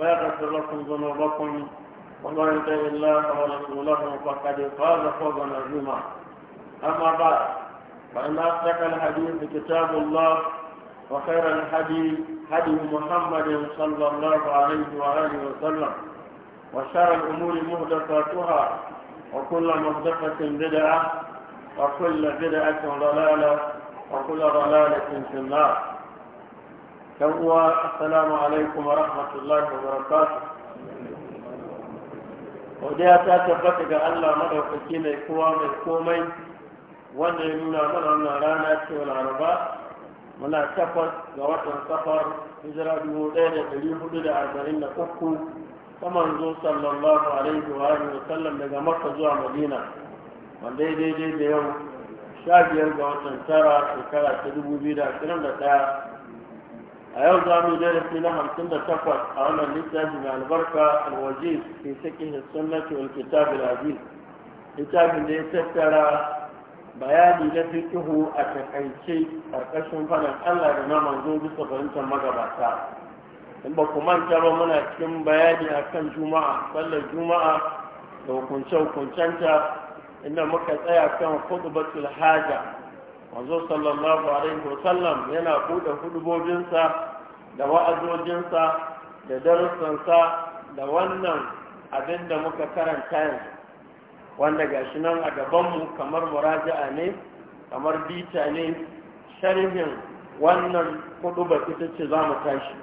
ويغفر لكم ذنوبكم ومن يطع الله ورسوله فقد فاز فوزا عظيما اما بعد فان اصدق الحديث كتاب الله وخير الحديث هدي محمد صلى الله عليه واله وسلم وشر الامور محدثاتها وكل محدثه بدعه وكل بدعه ضلاله وكل ضلاله في النار dan uwa assalamu alaikum wa rahmatullahi wa barakatuh godiya ta tabbata ga Allah madaukaki mai kowa mai komai wanda ya nuna mana wannan rana cewa laraba muna takwas ga watan safar hijira dubu ɗaya da ɗari hudu da arba'in da uku ta manzo sallallahu alaihi wa alihi wa sallam daga maka zuwa madina wanda ya daidai da yau sha biyar ga watan tara shekara ta dubu biyu da ashirin da ɗaya a yau za mu darasi na hamsin da takwas a wannan littafin albarka alwaje ke sake sunnati wal kitab al-aziz littafin da ya tattara bayani na fikihu a takaice karkashin faɗin Allah da na manzo bisa fahimtar magabata in ba ku manta ba muna cikin bayani akan juma'a sallar juma'a da hukunce hukuncenta inda muka tsaya kan khutbatul haja manzo sallallahu alaihi wasallam yana buɗe hudubobinsa da wa'azojinsa da darussansa da wannan abin da muka karanta yanzu wanda gashi nan a gabanmu kamar muraja'a ne kamar bita ne sharihin wannan ba ita ce za mu tashi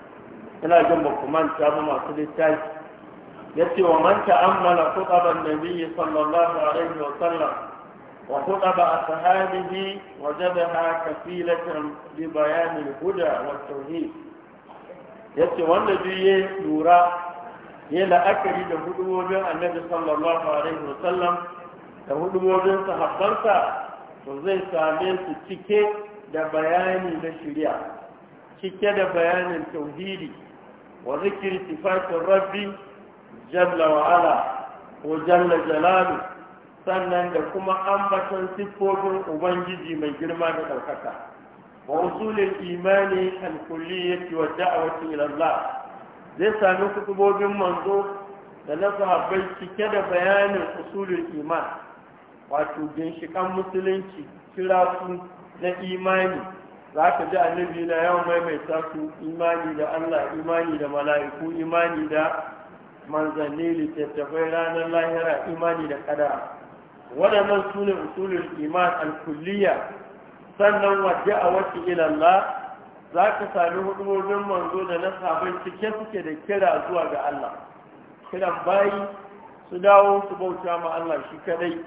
ina jin ba ku manta ba masu littafi ya ce wa manta man ta'ammala hudubar nabiyyi sallallahu alaihi wasallam وخطب أصحابه وجدها كفيلة ببيان الهدى والتوحيد yace wanda duk ya lura ya la'akari da hudubobin annabi sallallahu alaihi wasallam da hudubobin sahabbansa to zai same su cike da bayani na shirya cike da bayanin tauhidi wa zikir sifatin rabbi jalla wa ko jalla jalalu sannan da kuma ambaton siffofin ubangiji mai girma da ɗaukaka wa usulin imani ya ci wa da'awati ila Allah zai sami kutubobin manzo da na sahabbai cike da bayanin usulin iman wato ginshikan musulunci kira na imani za ka ji annabi na yawan maimaita su imani da Allah imani da mala'iku imani da manzanni littattafai ranar lahira imani da kadara waɗannan su ne iman al-kulliya sannan waje a wasu ilalla, za ka sami hudubobin manzo da na sabon cike suke da kira zuwa ga Allah kiran bayi su dawo su bauta ma Allah shi kadai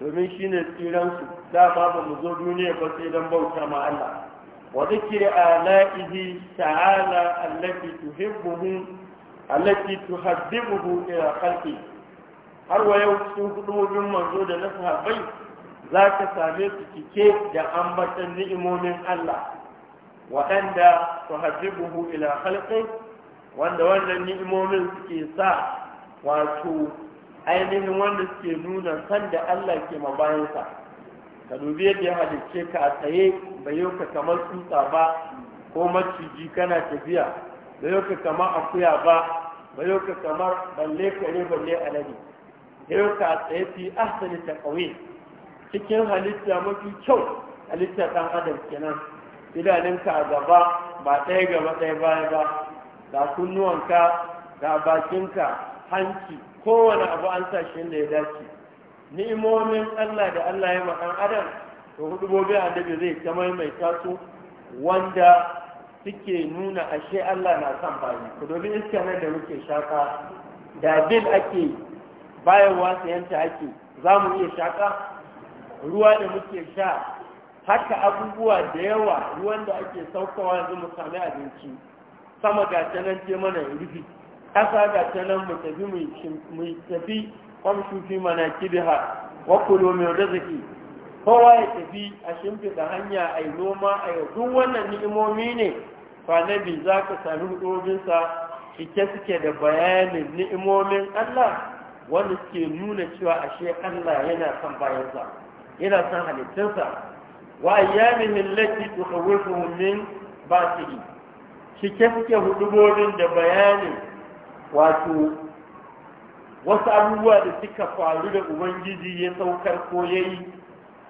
domin shi ne tsiransu da babu mu zo duniya ba sai don bauta ma Allah wa zikiri ala'ihi ta'ala allati tuhibbuhu allati tuhaddibuhu ila khalqihi har wa yau cikin wajen manzo da na sahabbai za ka same su cike da ambatan ni'imomin Allah waɗanda su hajjibuhu ila halƙin wanda wannan ni'imomin suke sa wato ainihin wanda suke nuna san da Allah ke mabayansa ka dubi yadda ya halicce ka a tsaye bai yau ka kamar tsutsa ba ko maciji kana tafiya bai yau ka kamar akuya ba bai yau ka kamar balle kare balle alade yau ka tsaye fi ahsani taqwim cikin halitta mafi kyau halitta ɗan adam kenan idanunka ka gaba ba ɗaya gaba ɗaya baya ba ga kunnuwanka ga bakinka hanci kowane abu an sa shi da ya dace ni'imomin Allah da Allah ya maka adam to hudubobin annabi zai ta maimaita su wanda suke nuna ashe Allah na son bayi ku domin iska da muke shaka da bil ake bayarwa yanta ake za mu iya shaƙa ruwa da muke sha haka abubuwa da yawa ruwan da ake saukawa yanzu mu sami abinci sama ga ta ce mana rufi ƙasa ga ta mu tafi mu tafi shufi mana kibiha wa kulo mai rizki kowa ya tafi a shimfiɗa hanya a yi noma a yau duk wannan ni'imomi ne kwanabi za ka sami hudobinsa cike suke da bayanin ni'imomin allah wanda suke nuna cewa ashe Allah yana son bayansa yana son halittarsa wa ayyamihi allati tukhawifuhum min ba'sihi shike suke hudubobin da bayani wato wasu abubuwa da suka faru da ubangiji ya saukar ko yayi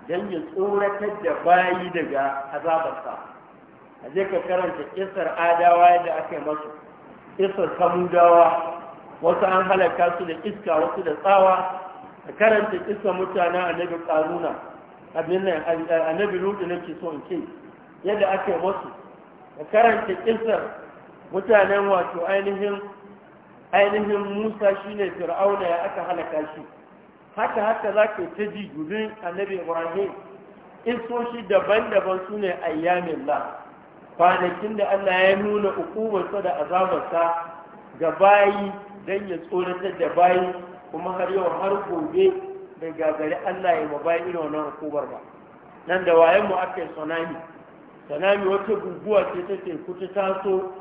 dan ya tsoratar da bayi daga azabarsa a ka karanta kisar adawa da aka yi masu kisar samudawa wasu an halaka su da iska wasu da tsawa a karanta iska mutane a Nabi ƙaruna a Nabi rudu nake so in yadda aka yi wasu a karanta isar mutanen wato ainihin ainihin musa shine fir'auna ya aka halaka shi haka haka za ka ta ji gudun Nabi ibrahim isoshi daban-daban su ne ayyamin la kwanakin da allah ya nuna ukubarsa da azabarsa ga bayi don ya tsoratar da bayi kuma har yau har gobe da gagari Allah ya ma bayi irin wannan hukumar ba nan da wayan mu aka yi tsunami wata guguwa ce ta teku ta taso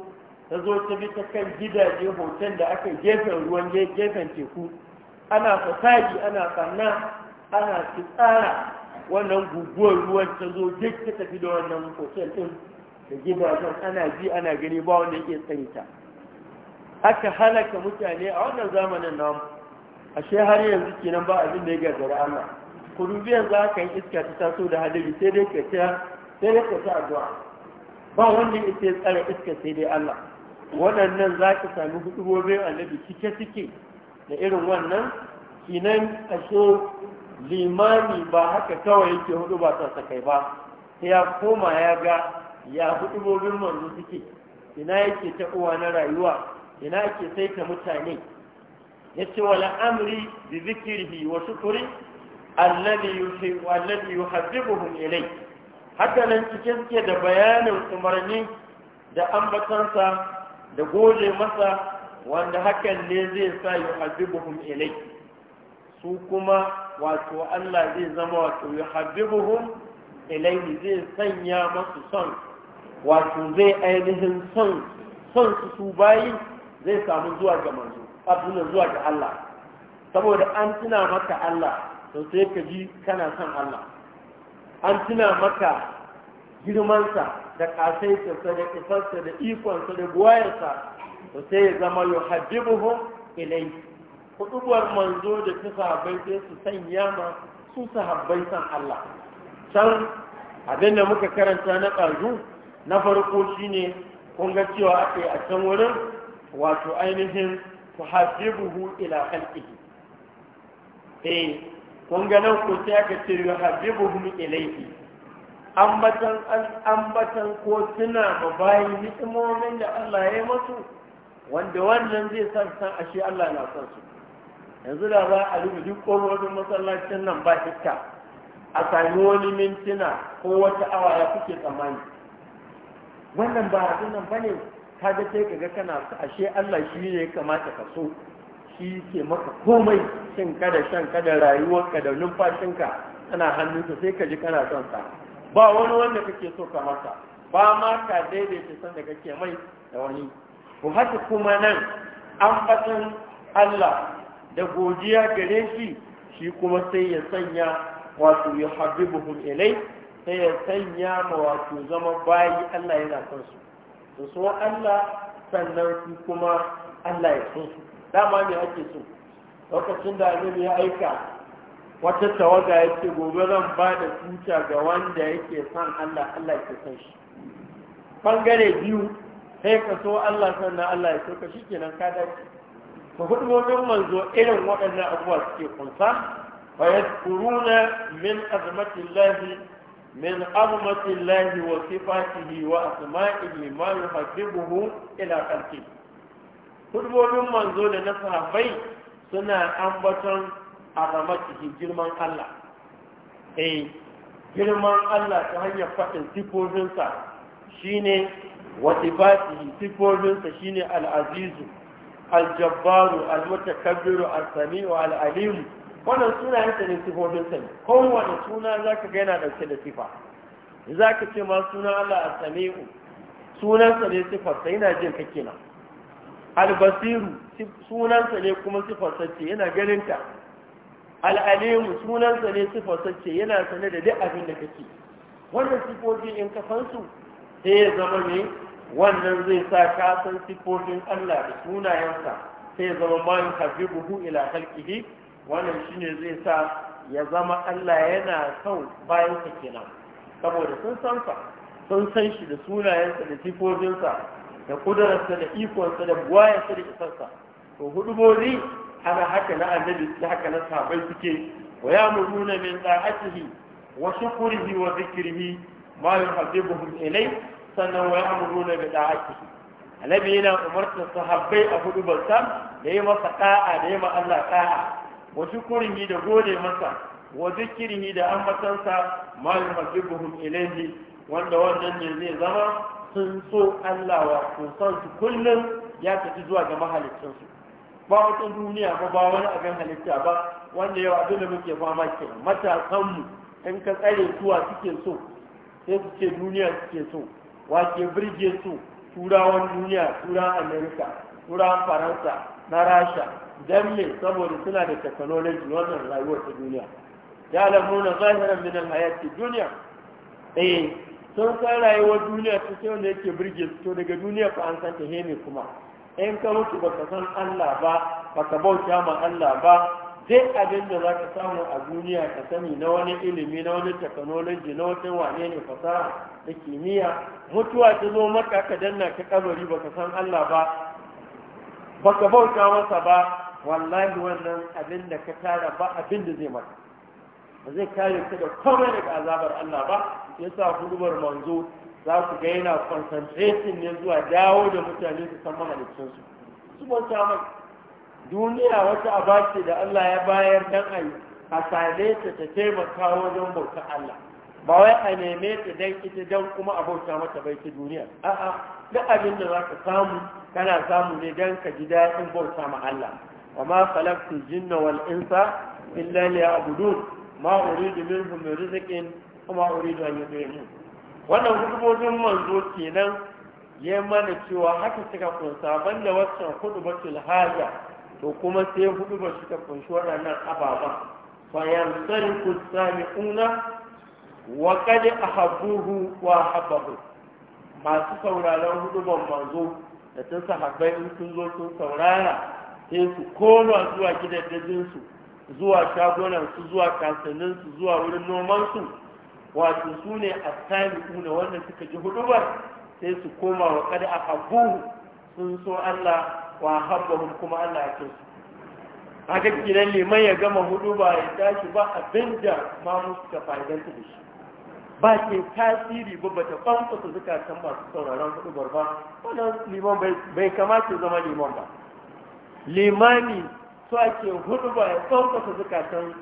ta zo ta bi ta kan gidaje hoton da aka gefen ruwan gefen teku ana fasadi ana sanna ana tsara wannan guguwar ruwan ta zo duk ta tafi da wannan hotel din da gidajen ana ji ana gani ba wanda yake tsarita aka halaka mutane a wannan zamanin namu ashe har yanzu kenan ba abin da ya gagara Allah ku dubi yanzu aka yi iska ta taso da hadari sai dai ka ta sai dai ka ta addu'a ba wanda ya ce tsara iska sai dai Allah waɗannan za ka sami hudubobin annabi cike cike? da irin wannan kinan ashe limani ba haka kawai yake hudu ba sa sakai ba sai ya koma ya ga ya hudubobin manzo suke ina yake ta uwa na rayuwa ina ke saita mutane ya ce wala amri bi zikirhi wa shukuri alladhi yuhabbibuhum ilai haka nan cike suke da bayanin umarni da ambatansa da goje masa wanda hakan ne zai sa buhun ilai su kuma wato Allah zai zama wato yuhabbibuhum ilai zai sanya masu son wato zai ainihin son son su bayi zai samu zuwa ga manzo abin zuwa ga Allah saboda an tuna maka Allah to sai ka ji kana son Allah an tuna maka girmansa da sa da kisarsa da ikonsa da guwayarsa to sai ya zama yuhabbibuhum ilai kudubar manzo da ta sahabbai sai su sanya ma su sahabbai san Allah can abin da muka karanta na ƙazu na farko shine kun ga cewa ake a can wurin wato ainihin tuhabbibuhu ila khalqihi eh kun ga nan ko sai aka ce yuhabbibuhum ilayhi ambatan ambatan ko tuna ba bayi ni'imomin da Allah ya yi masu wanda wannan zai san san ashe Allah na san su yanzu da za a rubu duk wajen masallacin nan ba hikka a sami wani mintuna ko wata awa ya kuke tsammani wannan ba abin nan ne. da sai kaga kana ashe Allah shi ne ya kamata ka so shi ke maka komai shin kada shan kada ka da numfashinka tana hannunsa sai ka ji kana son sa ba wani wanda kake so ka masa ba ma ka daidaita san da kake mai da wani ko haka kuma nan an fatan Allah da godiya gare shi shi kuma sai ya sanya wato ya habibuhum ilai sai ya sanya ma wato zama bayi Allah yana son su su so Allah sannan su kuma Allah ya so su dama ne ake so lokacin da annabi ya aika wata tawaga ya ce gobe zan ba da tuta ga wanda yake son Allah Allah ya san shi bangare biyu sai ka so Allah sannan Allah ya so ka shikenan ka dace fa manzo irin waɗannan abubuwa suke kunsa wa yaskuruna min azmatillahi من عظمة الله وصفاته وأسمائه ما يحببه إلى خلقه hudubobin manzo da na sahabbai suna ambaton azamatihi girman Allah eh girman Allah ta hanyar faɗin sifofinsa shine wasifatihi sifofinsa shine Al'azizu, azizu al-jabbaru al-mutakabbiru samiu al-alimu wannan sunayensa ne sifofinsa ne kowane suna za ka ga yana ɗauke da sifa za ka ce ma suna Allah a sami'u sunansa ne sifarsa yana jin ka kenan albasiru sunansa ne kuma sifarsa ce yana ganinta al'alimu sunansa ne sifarsa ce yana sane da duk abin da kake wannan sifofi in ka san su sai ya zama ne wannan zai sa ka san sifofin Allah da sunayensa sai ya zama ma yuhabbibuhu ila halkihi wannan shi ne zai sa ya zama Allah yana son bayansa kenan saboda sun san sa sun san shi da sunayensa da sifofinsa da kudararsa da ikonsa da buwayensa da isarsa to hudubobi ana haka na annabi da haka na sabai suke wa ya muruna min da'atihi wa shukrihi wa zikrihi ma yuhabbibuhum ilay sannan wa ya muruna bi da'atihi annabi yana umartar sahabbai a hudubarsa da yi masa da yi ma Allah da'a wa shukurihi da gode masa wa zikirihi da ambatansa ma yuhibbuhum ilayhi wanda wannan ne zai zama sun so Allah wa sun san su kullum ya tafi zuwa ga mahalicinsu ba wata duniya ba ba wani abin halitta ba wanda yau abin da muke fama ke matasanmu in ka tsare zuwa suke so sai su ce duniya suke so wa ke birge su turawan duniya turawan amerika Wuran faransa na rasha don me saboda suna da technology wannan rayuwar ta duniya ya lamuna zahiran min alhayati duniya eh sun san rayuwar duniya ta ce wanda yake birge su to daga duniya fa an san ta heme kuma in ka mutu baka san Allah ba baka bauta ma Allah ba Zai abin da za ka samu a duniya ka sani na wani ilimi na wani technology na wata wane ne fasaha da kimiyya mutuwa ta zo maka ka danna ka kabari baka san Allah ba baka bauta masa ba wallahi wannan abin da ka tara ba abin da zai mata. ba zai kare ka da komai daga azabar Allah ba yasa hudubar manzo za su ga yana concentration ne zuwa dawo da mutane su san mahalicin su su bauta mai duniya wata abace da Allah ya bayar dan ayi a sale ta ta taimaka wajen bauta Allah ba wai a neme ta dan ita dan kuma a bauta mata bai ta duniya a'a duk abin da za ka samu kana samu ne don ka ji daɗin bauta ma Allah wa ma khalaqtu jinna wal insa illa liya'budun ma uridu minhum min rizqin kuma uridu an yudhimu wannan hudubojin manzo kenan ya mana cewa haka suka kunsa banda waccan batul haja to kuma sai hudu ba suka kunshi waɗannan ababen fayan sarku sami'una wa qad ahabbuhu wa ahabbahu masu sauraron ban manzo da sun sahabbai in sun zo sun saurara sai su koma zuwa gidajensu zuwa shagonansu zuwa kasanninsu zuwa wurin nomansu wato su ne a sami wanda suka ji hudubar sai su koma wa kada a habu sun so Allah wa habbahum kuma Allah ya ce su haka kinan liman ya gama hudu ba ya tashi ba abinda ma mu suka fa'idantu da shi ba ke tasiri ba bata kwamfata zukatan masu sauraron hudubar ba wannan liman bai kamata zama liman ba limani su ake hudubar ya kwamfata zukatan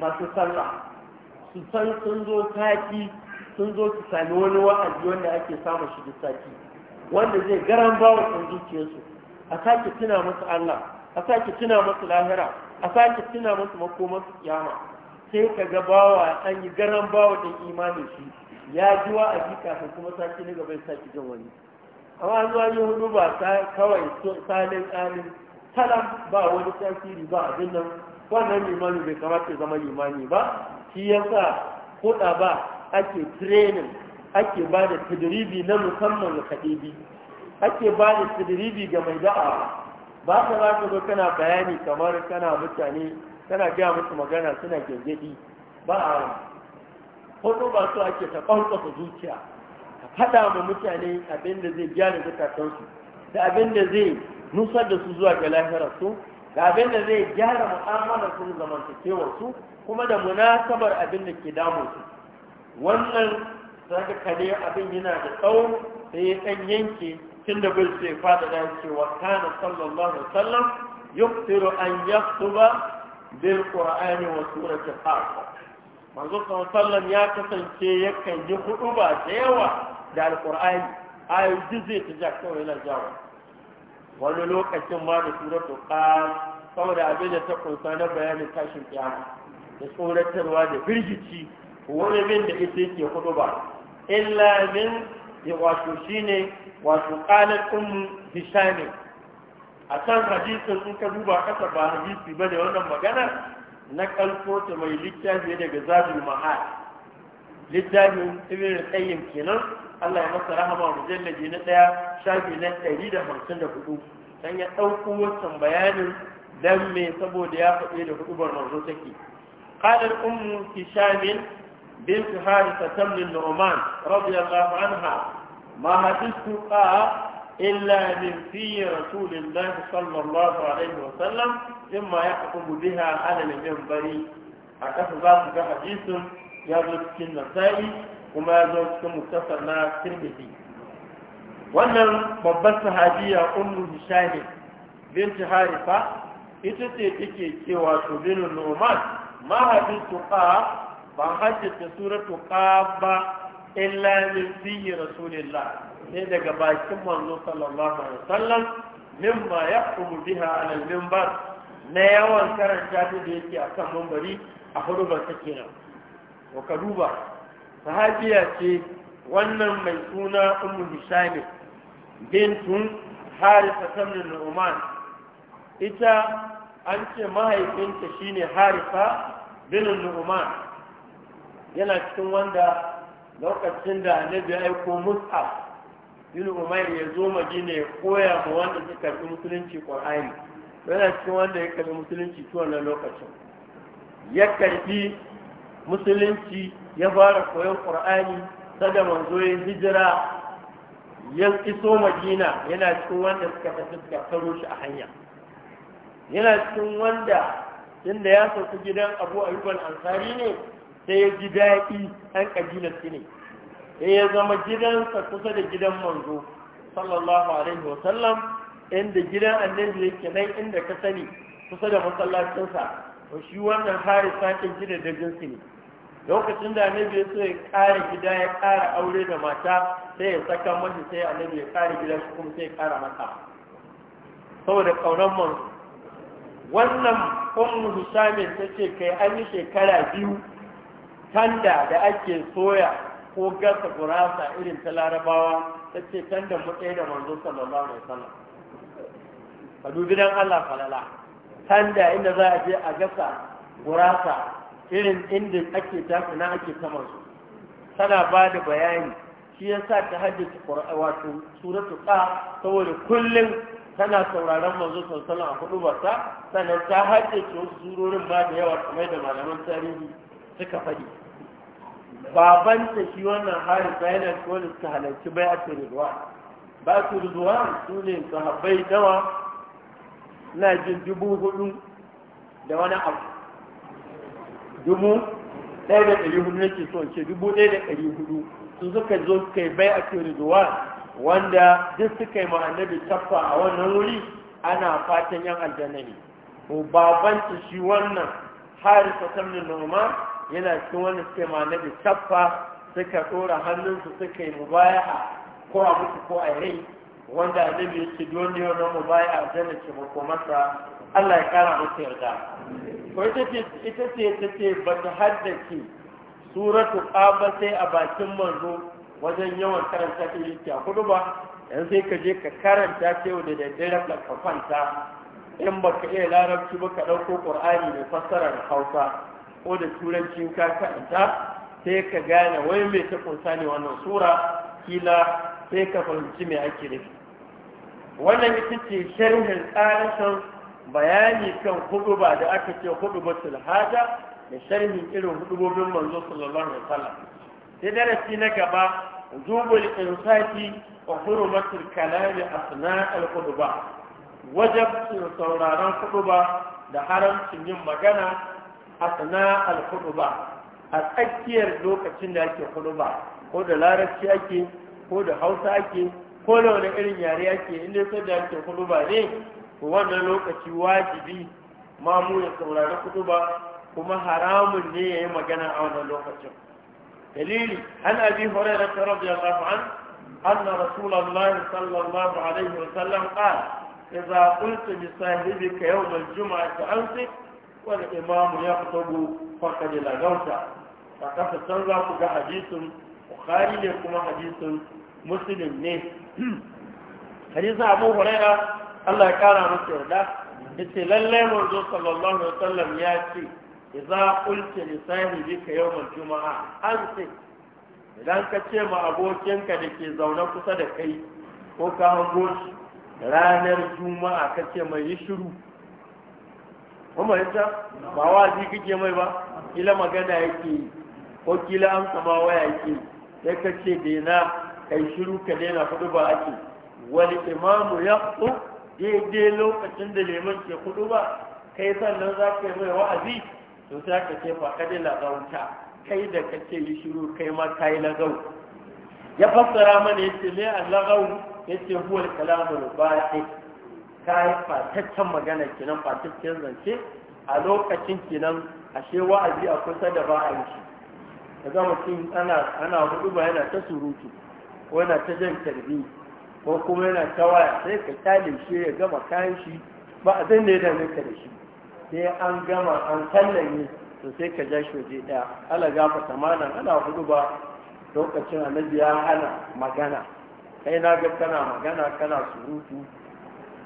masu sallah su san sun zo sati sun zo su sami wani wa'azi wanda ake samun shi duk sati wanda zai garan wa sun zuciyarsu a sake tuna musu Allah a sake tuna musu lahira a sake tuna musu makomar kiyama sai ka ga bawa an yi garan bawa ɗin imanin shi ya ji jika kafin kuma sake na gaba ya sake jan wani amma zuwa hudu ba kawai salin tsarin salam ba wani tasiri ba abin nan wannan limani bai kamata zama limani ba shi ya yasa kuɗa ba ake training ake ba da tadribi na musamman ga kaɗebi ake ba da tadribi ga mai da'a ba ka za ka zo kana bayani kamar kana mutane tana gaya musu magana suna gyangyaɗi ba a hoto ba su ake ta ƙwanƙwasa zuciya ka faɗa ma mutane abin da zai gyara zukatansu da abin da zai nusar da su zuwa ga lahirarsu da abin da zai gyara mu'amalar su zamantakewarsu kuma da munasabar abin da ke damunsu wannan zaka kare abin yana da tsawo sai ya ɗan yanke tun da bai sai faɗaɗa cewa kana sallallahu alaihi wasallam yuktiru an yaktuba bil qur'ani wa surati fatir manzo sallallahu ya kasance yakan yi ba da yawa da Al'ƙur'ani. ayu jize ta ja kawai yana jawo wani lokacin ma da suratu qaf saboda abin da ta kunsa na bayanin tashin kiyama da tsoratarwa da firgici wani min da ita yake huduba illa min wasu shine wato qalat ummu a can hadisin in ka duba kasa ba hadisi ba ne wannan magana na kalko ta mai littafi daga zabi mahal littafin ibn qayyim kenan Allah ya masa rahama mujallaji na daya shafi na 154 dan ya dauko wannan bayanin dan me saboda ya faɗe da hudubar manzo take qalat ummu hisham bint harisa tamlin nu'man radiyallahu anha ma hadithu qa إلا من في رسول الله صلى الله عليه وسلم مما يحكم بها على المنبر أكف ذلك حديث يزوج في النسائي وما يزوج في مكتسر ترمذي wannan babbar sahabiya ummu hishami binti harifa ita ce take cewa to binu numan ma hadithu qa ba hadithu suratu qa ba illa min fi rasulillah ne daga bakin manzo sallallahu alaihi wasallam mimma yaqulu biha ala minbar na yawan karanta ta da yake kan mambari a hurubar ta kenan wa ka duba sahabiya ce wannan mai suna ummu hisham bintun harisa tamrin nu'man ita an ce mahaifinta shine harisa bin nu'man yana cikin wanda lokacin da annabi ya aiko mus'ab bin umair ya zo madina ya koya ma wanda suka karbi musulunci qur'ani yana cikin wanda ya karbi musulunci tuwa na lokacin ya karbi musulunci ya fara koyon qur'ani sada manzo ya hijira ya iso madina yana cikin wanda suka tafi suka karo shi a hanya yana cikin wanda tunda ya sauka gidan abu ayyuban ansari ne sai ya ji daɗi an ƙabilar ne sai ya zama gidansa kusa da gidan manzo sallallahu alaihi wasallam inda gidan annabi yake nan inda ka sani kusa da masallacinsa to shi wannan hari sakin gidan da jinsi ne lokacin da annabi ya so ya ƙara gida ya ƙara aure da mata sai ya saka mashi sai annabi ya ƙara gida shi kuma sai ya ƙara mata saboda ƙaunar manzo wannan ummu husamin tace kai an yi shekara biyu tanda da ake soya ko gasa gurasa irin ta larabawa ta ce can da mutsayi da manzo sallallahu alaihi wasallam ka dubi dan Allah falala can da inda za a je a gasa gurasa irin inda ake tafi na ake saman su tana ba da bayani shi ya sa ta haddace wato suratu ta saboda kullum tana sauraron manzo sallallahu alaihi wasallam a kudu ta, sannan ta haddace wasu surorin ba da yawa kamar da malaman tarihi suka faɗi Baban ta shi wannan harisa yana ci su halarci bai a turuwa ba turuwa su ne habai dawa na jin dubu hudu da wani abu dubu ɗaya da ɗari hudu nake so ce dubu ɗaya da ɗari hudu su suka zo suka yi bai a turuwa wanda duk suka yi ma'annabi tafa a wannan wuri ana fatan yan aljanna ne ta shi wannan harisa tamnin noma yana cikin wani suke ma bi tabba suka ɗora hannunsu suka yi mubaya'a ko a mutu ko a rai wanda annabi ya dole na mubaya'a janna ce masa Allah ya kara masa yarda ko ita ce ta ce ba ta haddace suratu qaba sai a bakin manzo wajen yawan karanta ta yi kudu ba yanzu sai ka je ka karanta ta yau da daddare ka kwanta in baka iya larabci ba ka ɗauko ƙur'ani mai fassara da hausa ko da turanci ka karanta sai ka gane wai mai ta kunsa ne wannan sura kila sai ka fahimci mai ake nufi wannan ita ce sharhin tsarin bayani kan huduba da aka ce hudubatul haja da sharhin irin hudubobin manzo sallallahu alaihi wasallam sai darasi na gaba zubul insati wa hurumatul kalami asna al huduba wajen sauraron huduba da haramcin yin magana asna al-khutba a tsakiyar lokacin da ake khutba ko da larabci ake ko da hausa ake ko da wani irin yare ake inda sai da ake khutba ne to wannan lokaci wajibi ma mu ya saurari khutba kuma haramun ne yi magana a wannan lokacin dalili an abi hurairah radiyallahu An anna rasulullahi sallallahu alaihi wasallam qala إذا قلت لصاحبك يوم الجمعة أمسك wani imamu ya fito bu farka da lagauta a kasa can za ku ga hadisin bukhari ne kuma hadisin muslim ne hadisin abu huraira allah ya kara masa yarda yace lallai manzo sallallahu alaihi wasallam ya ce idza qulta li sahibika yawmal juma'a anti idan ka ce ma abokinka da ke zaune kusa da kai ko ka hango ranar juma'a ka ce mai yi shiru kuma ba ba wazi kake mai ba kila magana yake ko kila amsa ma waya yake sai ka ce daina kai shiru ka daina kudu ba ake wani imamu ya ku daidai lokacin da neman ke kudu ba kai sannan za ka yi mai wa'azi to sai ka ce fa kada zaunta kai da ka ce yi shiru kai ma ka yi lagau ya fassara mana ce me a lagau yake huwar al ba al ce. ta yi fataccen magana kenan fataccen zance a lokacin kenan ashe wa'azi a kusa da ba a yi shi mutum ana hudu ba yana ta surutu ko yana ta jan tarbi ko kuma yana ta waya sai ka kyale shi ya gama kayan shi ba a zan da nuka da shi sai an gama an sallame to sai ka ja shi waje daya ala gafa tamanan ana hudu ba lokacin annabi ya hana magana kai na ga kana magana kana surutu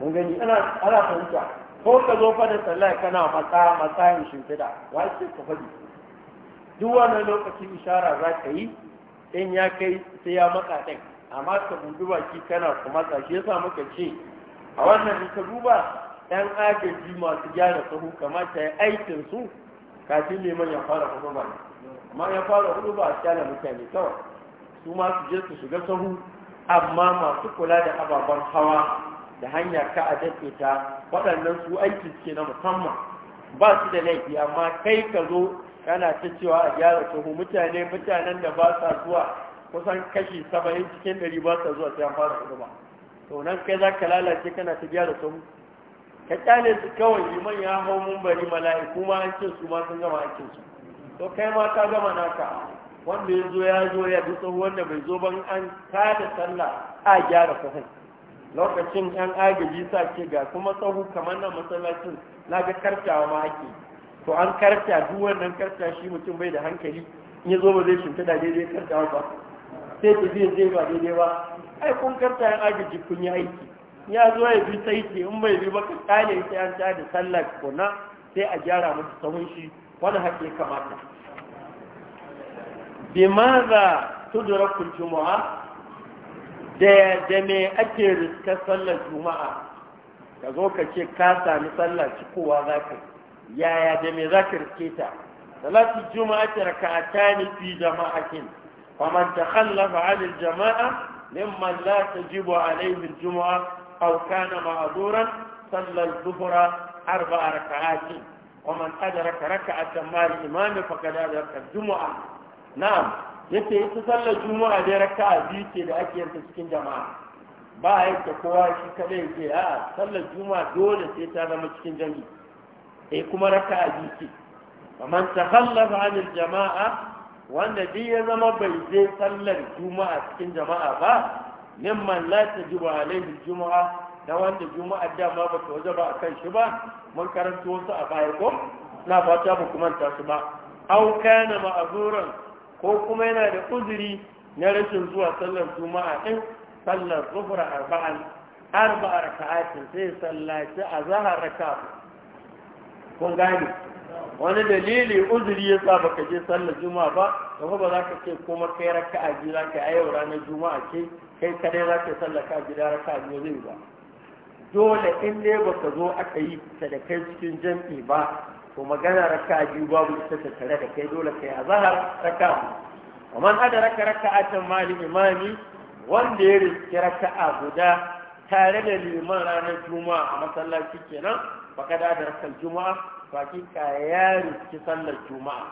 kun gani ana ana fahimta ko ka zo fa da sallah kana matsa matsayin shimfida wa ce ka faɗi duk wannan lokacin ishara za ka yi in ya kai sai ya matsa din amma ka buɗi baki kana ku matsa shi yasa muka ce a wannan in ka duba ɗan agaji masu gyara sahu kamata ya aikin su kafin neman ya fara hudu ba amma ya fara hudu a kyala mutane kawai su ma su je su shiga sahu amma masu kula da ababen hawa da hanya ka a daɗe ta waɗannan su aiki ce na musamman ba su da laifi amma kai ka zo kana ta cewa a gyara tuhu mutane mutanen da ba sa zuwa kusan kashi saba'in cikin ɗari ba sa zuwa sai an fara hudu ba to nan kai za ka lalace kana ta gyara tuhu ka kyale su kawai liman ya hau mun bari mala'iku kuma an ce su ma sun gama aikin su to kai ma ka gama naka wanda ya zo ya zo ya bi tsohuwar da bai zo ban an kada sallah a gyara kuhin lokacin yan agaji sa ce ga kuma tsohu kamar nan masallacin na ga kartawa ma ake to an karta duk wannan karta shi mutum bai da hankali in ya zo ba zai da daidai kartawa ba sai ta zai zai ba daidai ba ai kun karta yan agaji kun yi aiki ya zo ya bi sai ke in bai bi ba ka kale sai an ta da sallah kona sai a gyara musu sahun shi wani haƙe kamata Bi maza tudrakul jumu'a da me ake riskar sallar juma'a ka zo ka ce ka sami sallah cikowa za ka yaya da me za ka riske ta salatu juma'a ta raka'ata ne fi jama'atin faman ta khallafa alil jama'a mimman la tajibu alaihi juma'a aw kana ma'duran sallar zuhra arba'a raka'atin ومن أدرك ركعة مع الإمام فقد أدرك الجمعة نعم yace ita sallar juma'a dai raka'a biyu ce da ake yanta cikin jama'a ba a yadda kowa shi kadai ce a sallar juma'a dole sai ta zama cikin jami'i e kuma raka'a biyu ce faman takhallafa anil jama'a wanda duk ya zama bai je sallar juma'a cikin jama'a ba mimman la tajibu alaihi juma'a da wanda juma'a dama ba ta waje ba a kan shi ba mun karanta wasu a baya ko na fata ba kuma ta su ba au kana ma'azuran ko kuma yana da uzuri na rashin zuwa sallar juma'a din sallar zuhra arba'an arba'a raka'atin sai sallaci a zahar raka kun gane wani dalili uzuri ya sa baka je sallar juma'a ba kuma ba za ka ce kuma kai raka'a biyu za ka ayyau ranar juma'a ce kai kadai za ka sallar ka gida raka'a biyu zai ba dole in dai baka zo aka yi ta da kai cikin jam'i ba to magana raka biyu babu ita ta tare da kai dole kai a zahar raka man a can mali imami wanda ya riski a guda tare da liman ranar juma'a a masallaci kenan baka da da rakar juma'a ka ya riski sallar juma'a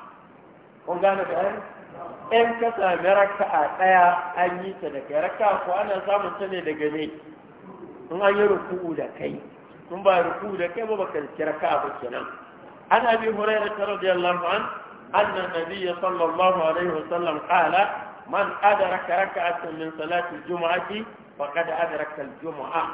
kun gane bayan in ka sami a daya an yi ta kai raka ko ana samun ta ne daga ne in an yi ruku'u da kai in ba ruku da kai ba baka riski raka'a ba kenan عن أبي هريرة رضي الله عنه أن النبي صلى الله عليه وسلم قال من أدرك ركعة من صلاة الجمعة فقد أدرك الجمعة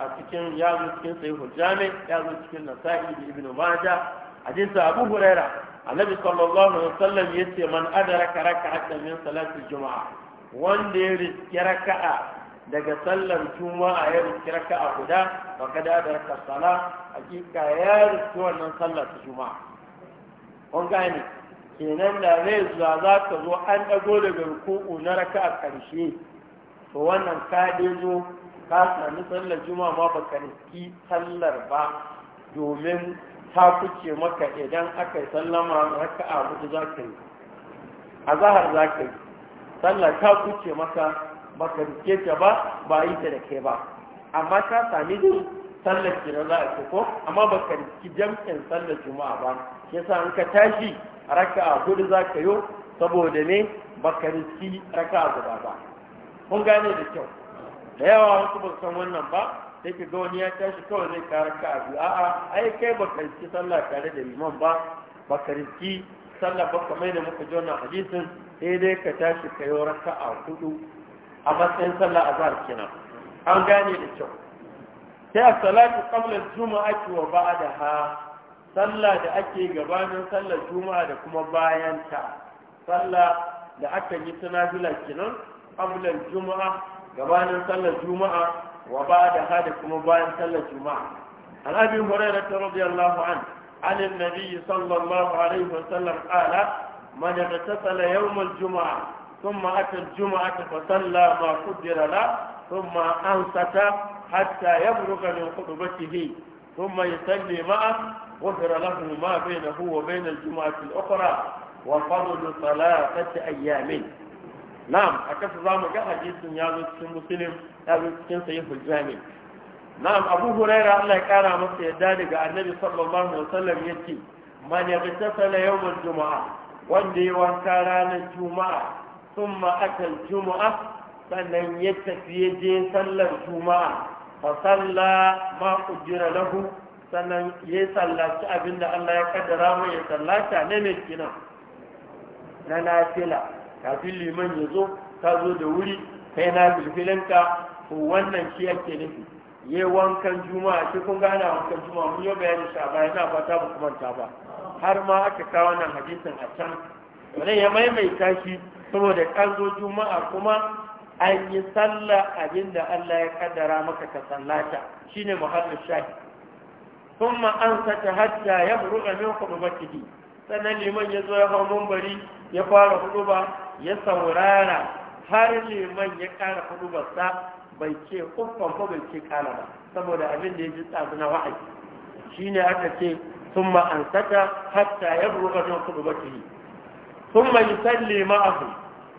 أتكلم يا مسكين سيف الجامع يا مسكين نسائي ابن ماجه حديث أبو هريرة النبي صلى الله عليه وسلم يتي من أدرك ركعة من صلاة الجمعة وان دي ركعة daga sallar juma'a ya riski raka a guda ba ka da da raka sala hakika ya riski wannan sallar ta juma'a kun gane kenan da zai zuwa za ka zo an dago daga ruku'u na raka a ƙarshe to wannan ka zo ka sami sallar juma'a ma ba ka riski sallar ba domin ta kuce maka idan aka yi sallama raka a hudu za ka yi a zahar za ka yi sallar ta kuce maka makarke ta ba ba yi ta da kai ba amma ka sami da sallar ki za a ce ko amma ba ka jam'in sallar juma'a ba sa an ka tashi raka a hudu za ka yi saboda ne ba ka raka a guda ba kun gane da kyau da yawa wasu ba san wannan ba sai ka ga wani ya tashi kawai zai kara ka biyu a'a ai kai ba ka sallah tare da liman ba ba ka riski sallah ba kamar da muka ji wannan hadisin sai dai ka tashi ka yi raka a hudu a matsayin sallah azhar kenan an gane da kyau sai a salatu qabla ake wa ba'daha sallah da ake gabanin sallar juma'a da kuma bayan ta sallah da aka yi ta nafila kenan qabla juma'a gabanin sallar juma'a wa ba'daha da kuma bayan sallar juma'a an abi hurairah radiyallahu anhu عن النبي صلى الله عليه وسلم قال من اغتسل يوم juma'a. ثم أتى الجمعة فصلى ما قدر له ثم أنصت حتى يبلغ من خطبته ثم يصلي معه غفر له ما بينه وبين الجمعة الأخرى وفضل صلاة أيام نعم أكف زام حديث يازو cikin مسلم يازو cikin سيف الجامع نعم أبو هريرة الله كان مصير ذلك النبي صلى الله عليه وسلم يتي من يغتسل يوم الجمعة wanda ya wanka ranar juma'a sannan ya tafi ya je sallar juma'a fa salla ma ujira lahu sannan ya sallaci abinda Allah ya kaddara mai ya sallata ne mai kina na nafila kafin liman ya zo ka zo da wuri kai na ko wannan shi yake nufi yi wankan juma'a shi kun gana wankan juma'a mun yi bayani shi a baya, fata ba kuma ta ba har ma aka kawo nan hadisin a can wannan ya maimaita shi saboda ka zo juma'a kuma an yi sallah abinda Allah ya kaddara maka ka sallata shine muhallin shahi kuma an sata hatta ya buruga min khutbatihi sannan liman ya zo ya hau mumbari ya fara huduba ya saurara har liman ya kara hudubarsa bai ce uffan ko bai ce kana ba saboda abin da ya ji tsazu na wa'azi shine aka ce sun an hatta ya buruga min khutbatihi sun mai salli ma'ahu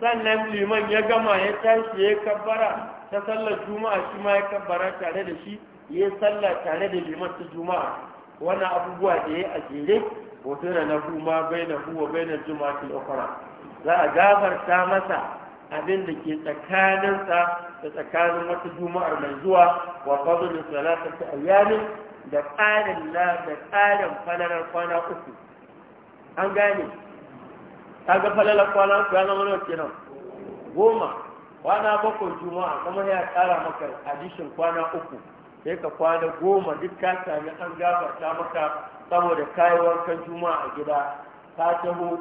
sannan liman ya gama ya tashi ya kabbara ta sallar juma'a shi ma ya kabbara tare da shi ya sallar tare da liman ta juma'a wani abubuwa da ya a jere hoton na kuma bai na huwa bai na juma'a ta za a gafarta masa abin da ke tsakaninsa da tsakanin wata juma'ar mai zuwa wa fadlin salata ta ayyami da ƙarin da ƙarin kwana uku an gane kaga falala kwana ku ya zama nawa kenan goma kwana bakwai juma'a kuma ya tsara maka addition kwana uku sai ka kwana goma duk ka sami an gafarta maka saboda kayi wankan juma'a a gida ka taho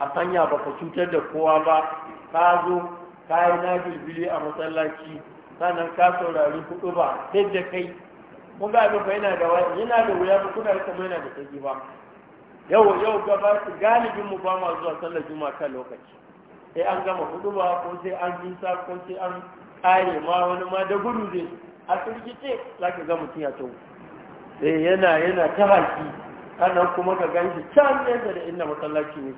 a sanya baka cutar da kowa ba ka zo ka yi nagilbili a masallaci sannan ka saurari kudu ba sai da kai mun ga abin yana da wani yana da wuya ba kuna kuma yana da tsaki ba yau yau gaba galibin mu ba ma zuwa sallar juma'a kan lokaci sai an gama ba ko sai an jinsa ko sai an kare ma wani ma da gudu zai a firgice za ka ga mutum ya to sai eh, yana yana ta haki sannan kuma ka gan shi can yadda da inda masallaci ne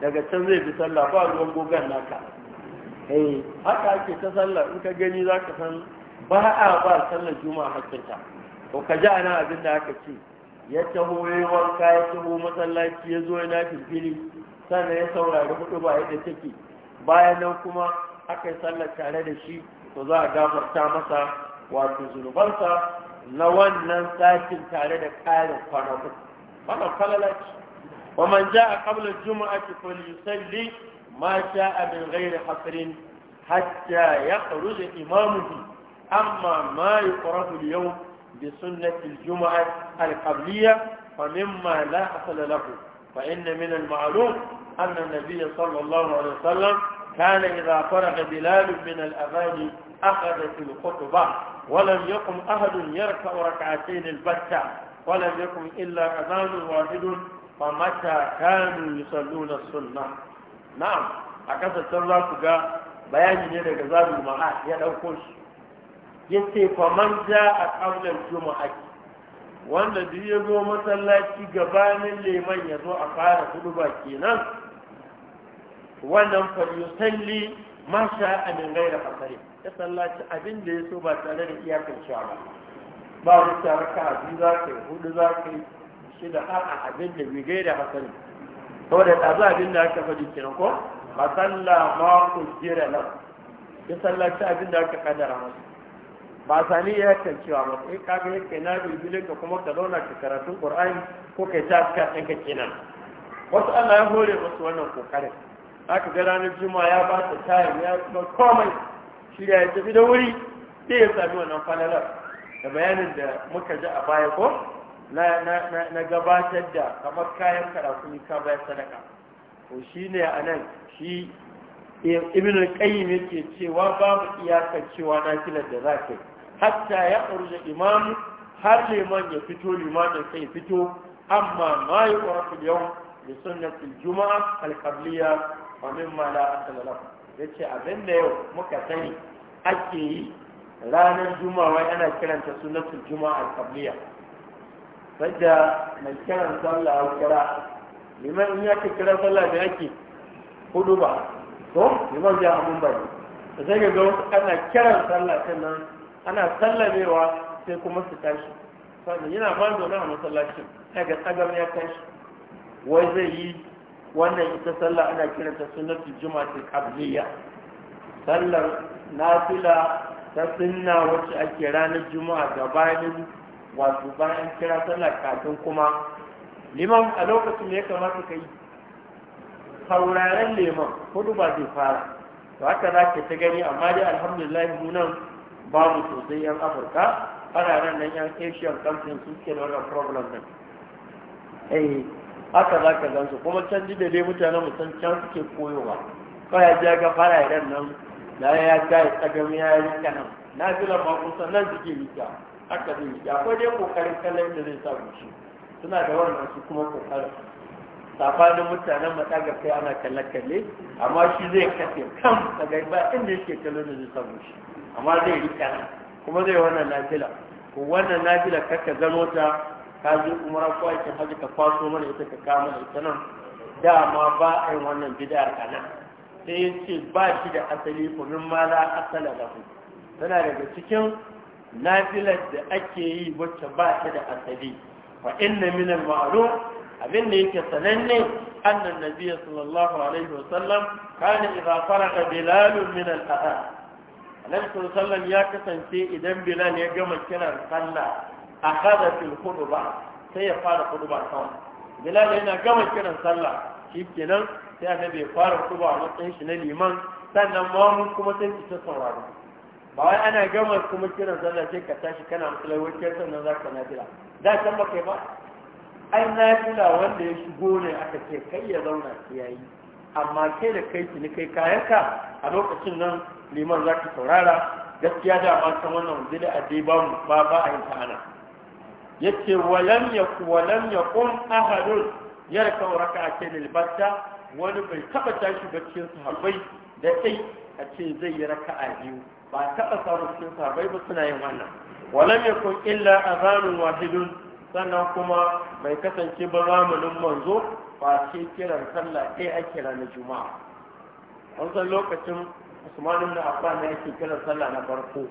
daga can zai bi sallah ba ruwan gogon naka eh haka ake ta sallah in ka gani za ka san ba a ba sallar juma'a hakkinta to ka ji ana abin da aka ce ya taho ya wanka ya taho masallaci ya zo ya na fili, sannan ya saurari hudu ba yadda take bayan nan kuma aka yi sallar tare da shi to za a gafarta masa wato zunubansa na wannan satin tare da kayan kwana uku wannan falalaci wa man ja'a juma'a al kwalli salli ma sha'a min ghairi ya hatta da imamuhu amma ma yi al yau. بسنة الجمعة القبلية فمما لا أصل له فإن من المعلوم أن النبي صلى الله عليه وسلم كان إذا فرغ بلال من الأغاني أخذت الخطبة ولم يقم أحد يركع ركعتين البتة ولم يقم إلا أذان واحد فمتى كانوا يصلون السنة نعم أكثر الله بيان يدك زاد المعاد يدوكوش yace faman a qabla jumu'ati wanda duk ya zo masallaci gabanin leman ya zo a fara huduba kenan wannan falyusalli ma sha'a min gaira fasari ya sallaci abin da ya so ba tare da iyakar cewa ba ba ta raka ka biyu za ka yi hudu za ka yi shida a abin da bai gaira to da ɗazu abin da aka faɗi kenan ko ba sallah ma ku jira nan ya sallaci abin da aka kadara masa ba sani ya yakan cewa ba sai ka ga yake na bilbilin ka kuma ka zauna ka karatun qur'ani ko kai ta ka ɗin ka kenan wasu Allah ya hore musu wannan kokarin aka ga ranar juma'a ya ba ta tayi ya kuma komai shirya ya tafi da wuri sai ya sami wannan falalar da bayanin da muka ji a baya ko na gabatar da kamar kayan karatu ni ka bayar sadaka to shine a nan shi ibn al-qayyim yake cewa babu iyakar cewa na kilar da za ka hatta ya ƙarfi imamu har liman ya fito limanin sai fito amma ma yi ƙwarfi yau da sunnatul juma'a alƙabliya wa mimma la asala ya ce abin da yau muka sani ake yi ranar juma'a ana kiranta sunnatul juma'a alƙabliya sajda mai kiran sallah ya kira liman in ya kira sallah da yake hudu ba ko liman ya abun bai sai ga wasu ana kiran sallah sannan. ana sallamewa sai kuma su tashi sannan yana ma zaune a masallacin daga tsagar ya tashi wai zai yi wannan ita sallah ana kiranta sunnatul juma'a qabliya sallar nafila ta sunna wacce ake ranar juma'a gabanin wato bayan kira sallar kafin kuma liman a lokacin da ya kamata ka yi sauraren liman hudu ba zai fara to haka za ka ta gani amma dai alhamdulillah mu nan babu sosai yan afirka ana nan yan asian countries sun ke da wannan problem din eh haka za ka gansu kuma can ji da dai mutane musan can suke koyowa kawai ya ga fara idan nan na ya ga ya ya yi kanan na fila ma kusan nan suke mika haka zai mika akwai dai kokarin kallon da zai sa gushi suna da wannan su kuma kokarin sabanin mutanen matsagar kai ana kalle-kalle amma shi zai kafe kan daga ba inda yake kalle da zai samu shi amma zai yi kana kuma zai wannan nafila ko wannan nafila kaka gano ta ka ji umara ko ake haji ka kwaso mana ita ka kama da ita nan dama ba a yin wannan bid'ar a nan sai ya ce ba shi da asali min ma la asala da ku tana daga cikin nafilar da ake yi wacce ba shi da asali wa inna min al-ma'ruf abin da yake sananne annan nabiy sallallahu alaihi wasallam kana idza faraga bilal min al-adha annabi sallallahu ya kasance idan bilal ya gama kiran sallah akhadha fil khutba sai ya fara khutba kawai bilal yana gama kiran sallah shikenan sai annabi ya fara khutba a matsayin shi na liman sannan mamun kuma sai su ta sauraro ba wai ana gama kuma kiran sallah sai ka tashi kana musulai wakil sannan za ka nafila da can ba kai ba an tuna wanda ya shigo ne aka ce kai ya zauna sai yayi amma kai da kai tuni kai kayanka a lokacin nan liman za ka saurara gaskiya da ba san wannan bid'a a dai ba mu ba ba a yi ta ana yace walam yaku walam kun ahadun yarka ce da libata?" wani bai taba tashi ba cikin sahabbai da kai a ce zai yi raka a biyu ba taba samun cikin sahabbai ba suna yin wannan walam kun illa azanun wahidun sannan kuma bai kasance ba ramunin manzo ba ce kiran sallah ɗaya a kira na juma'a an san lokacin usman na affan ne yake kiran sallah na farko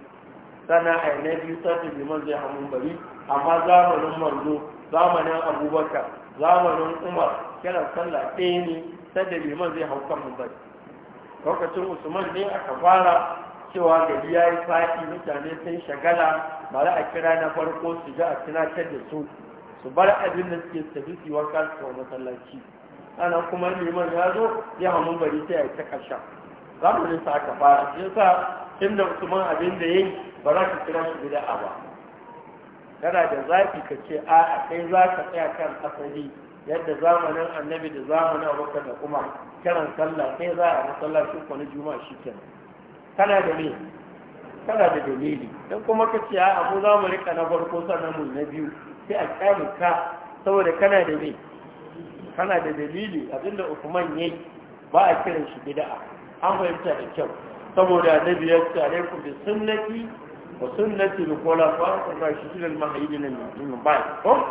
sannan a na biyu sai man zai hamun bari amma zamanin manzo zamanin abubakar zamanin umar kiran sallah ɗaya ne sai da man zai hau kan bari lokacin usman ne aka fara cewa gari ya yi fati mutane sun shagala bari a kira na farko su ji a tunatar da su su bar abin da suke tafi su wanka masallaci ana kuma liman ya zo ya hamun bari sai a ta Za mu sa aka fara shi yasa inda usman abin da yayi ba za ka kira shi a ba kana da zafi ka ce a kai za ka tsaya kan asali yadda zamanin annabi da zamanin abokan da kuma kiran sallah sai za a masallaci kwanu juma'a shi kenan kana da me kana da dalili don kuma ka ce abu za mu rika na farko sannan mu na biyu sai a kyamu ka saboda kana da ne kana da dalili abinda Usman yayi ba a kiran shi bid'a an fahimta da kyau saboda annabi ya ce alaikum bi sunnati wa sunnati al-khulafa ar-rashidin al-mahdiyyin min ba'd ko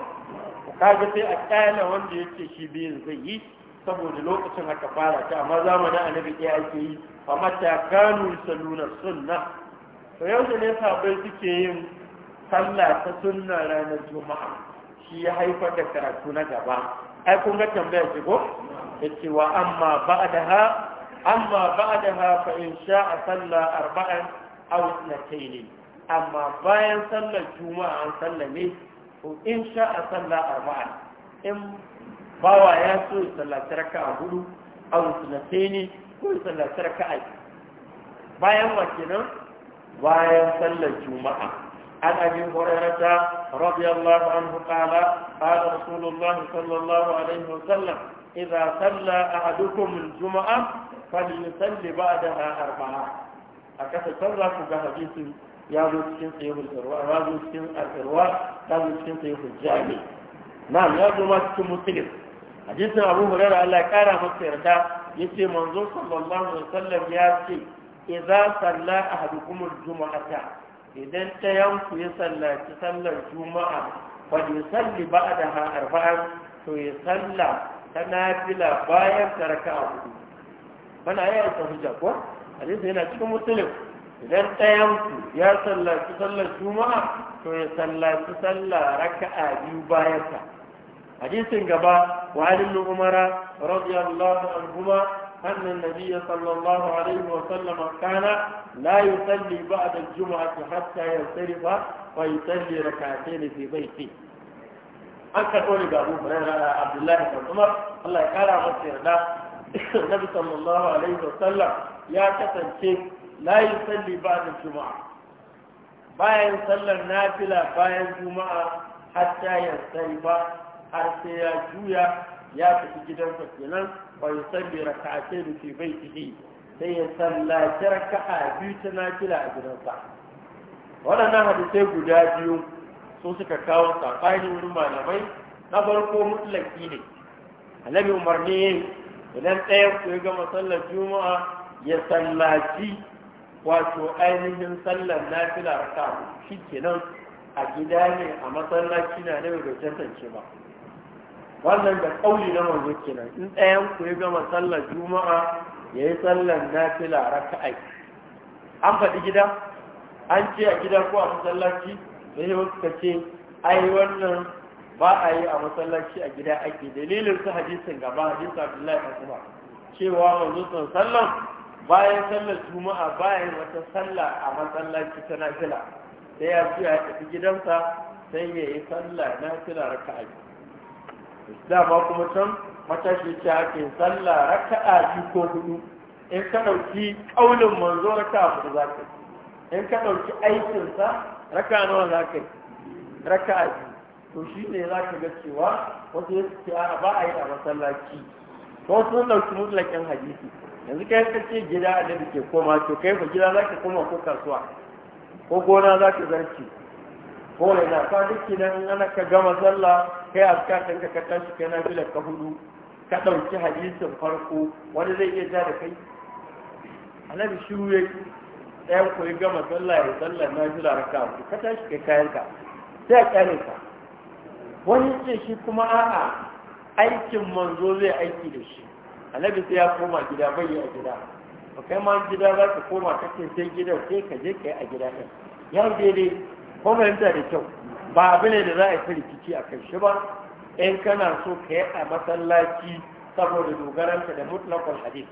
kaga sai a kyana wanda yake shi biyin zai yi saboda lokacin aka fara ta amma zamanin annabi ya ake yi a mata kanu sunna to yau da ne sabai suke yin sallah ta sunna ranar juma'a shi ya haifar da karatu na gaba ai kun ga tambayar ki ko yace wa amma ba'daha amma ba'daha fa in sha'a salla arba'an aw ithnatayn amma bayan sallar juma'a an sallame to in sha'a salla arba'an in bawa ya so ya sallaci raka'a hudu aw ithnatayn ko ya sallaci raka'a bayan wa kenan bayan sallar juma'a an abi hurairata radiyallahu anhu qala qala rasulullah sallallahu alaihi wa sallam idza salla ahadukum al-jum'a falyusalli ba'daha arba'a akasa sallah ku ga hadisi ya zo cikin sayyidul irwa ya zo cikin al-irwa ya zo cikin sayyidul jami na'am ya zo ma cikin muslim hadisin abu hurairah Allah ya kara masa yarda yace manzo sallallahu alaihi wa sallam ya ce idza salla ahadukumul jumu'ata idan ta yanku ya sallaci sallar juma'a fa yusalli ba'daha arba'an to ya salla ta nafila bayan ta raka'a hudu bana ya ta hujja ko hadisi yana cikin muslim idan ta yanku ya sallaci sallar juma'a to ya sallaci sallar raka'a biyu bayan ta hadisin gaba wa alin umara radiyallahu anhuma أن النبي صلى الله عليه وسلم كان لا يصلي بعد الجمعة حتى ينصرف ويصلي ركعتين في بيته an karɓo daga abu hurairah abdullahi bin umar Allah ya kara masa yarda sallallahu alaihi wa sallam ya kasance la yusalli ba'da juma'a bayan sallar nafila bayan juma'a hatta ya ba har sai ya juya ya tafi gidansa kenan ويصلي ركعتين في بيته سيصلى ركعة بيوت نافلة أجل صح ولا نهد سيقول داديو سوسك كاو ساقاني ونما نمي نبركو مطلقي ne. annabi umarni yayi idan ɗaya ku ya gama sallar juma'a ya sallaci wato ainihin sallar nafila raka shi kenan a gida ne a masallaci na nabi bai tantance ba wannan da kauli na manzo kenan in ɗayan ku ya gama sallar juma'a ya yi sallar nafila raka'ai an faɗi gida an ce a gida ko a masallaci da yi wasu kace ai wannan ba a yi a masallaci a gida ake dalilin su hadisin gaba hadisin abdullahi asuma cewa manzo sun sallar bayan sallar juma'a bayan wata sallah a masallaci ta nafila sai ya fi ya tafi gidansa sai ya yi sallah nafila raka'ai dama kuma can matashi ce ake sallah raka'a biyu ko hudu in ka ɗauki ƙaunin manzo raka'a hudu za ka yi in ka ɗauki aikinsa raka'a nawa za ka yi raka'a biyu to shi ne za ka ga cewa wasu ya ce a ba a yi a masallaci Ko sun ɗauki mutlakin hadisi yanzu kai ka ce gida a da ke koma to kai fa gida za ka koma ko kasuwa ko gona za ka zarce ko na ka duk ana ka gama sallah kai azkar ɗinka ka tashi kai nafila ka hudu ka ɗauki hadisin farko wani zai iya ja da kai annabi shiru ya ɗayan ku ya gama sallah ya sallah nafila raka ka tashi kai kayanka sai a kyale ka wani ce shi kuma a'a aikin manzo zai aiki da shi annabi sai ya koma gida bai yi a gida ba kai ma gida za ka koma kake sai gida sai ka je ka yi a gida ɗin ya daidai ko fahimta da kyau ba abu ne da za a yi rikici a kai shi ba in kana so ka yi a masallaci saboda dogaranta da mutlakon hadis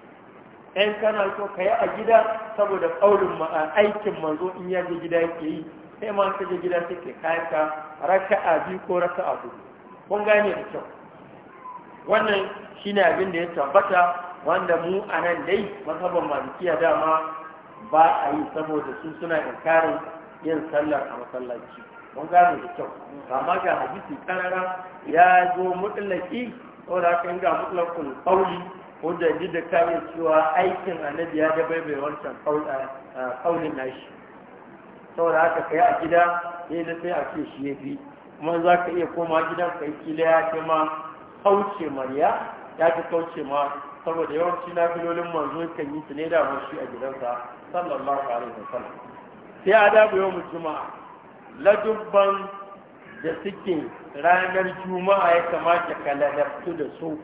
in kana so ka yi a gida saboda ƙaurin aikin manzo in ya je gida yake yi sai ma ka je gida sai ke kayan ka raka a biyu ko raka a gudu? kun gane da kyau wannan shi ne abin da ya tabbata wanda mu a nan dai masaban malikiya dama ba a yi saboda su suna inkarin yin sallar a masallaci mun gane da kyau amma ga hadisi karara ya zo mutlaki saboda haka inda mutlakul qawli ko da ji da kawai cewa aikin annabi ya da bai wancan kaulin nashi saboda haka kai a gida sai da sai a ce shi ya fi kuma za ka iya koma gidan kai kila ya ce ma kauce mariya ya ce kauce ma saboda yawanci na filolin manzo kan yi su ne da shi a gidansa sallallahu alaihi wasallam sai adabu yau juma'a ladubban da suke ranar juma'a ya kamata ka ladabtu da su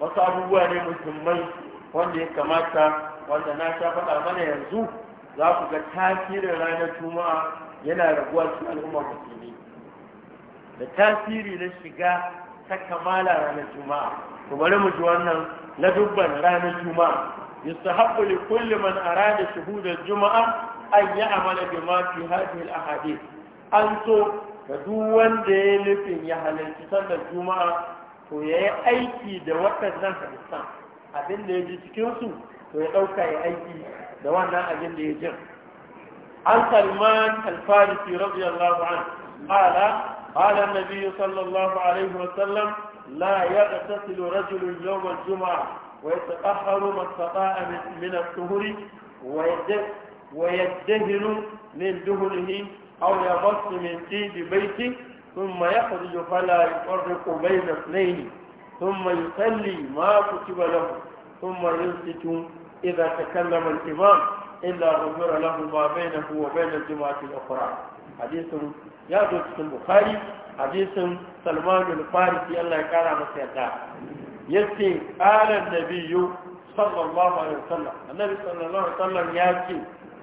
wasu abubuwa ne musulmai wanda ya kamata wanda na sha faɗa mana yanzu za ku ga tasirin ranar juma'a yana raguwa cikin al'umma musulmi da tasiri na shiga ta kamala ranar juma'a ku bari mu ji wannan laduban ranar juma'a يستحق لكل من أراد juma'a an أن يعمل بما في هذه الأحاديث an so ga duk wanda ya nufin ya halarci sallar juma'a to ya yi aiki da waɗannan hadisan abin da ya ji cikinsu to ya ɗauka ya aiki da wannan abin da ya jin an salman alfarisi radiyallahu an ala قال النبي صلى الله عليه وسلم لا يغتسل رجل يوم الجمعة ويتطهر ما استطاع من الطهور ويدهن من دهنه أو يبص من طيب بيته ثم يخرج فلا يفرق بين اثنين ثم يصلي ما كتب له ثم ينصت إذا تكلم الإمام إلا غفر له ما بينه وبين الجماعة الأخرى حديث يا في البخاري حديث سلمان الفارسي الله يكرم سيدا يسي قال النبي صلى الله عليه وسلم النبي صلى الله عليه وسلم يأتي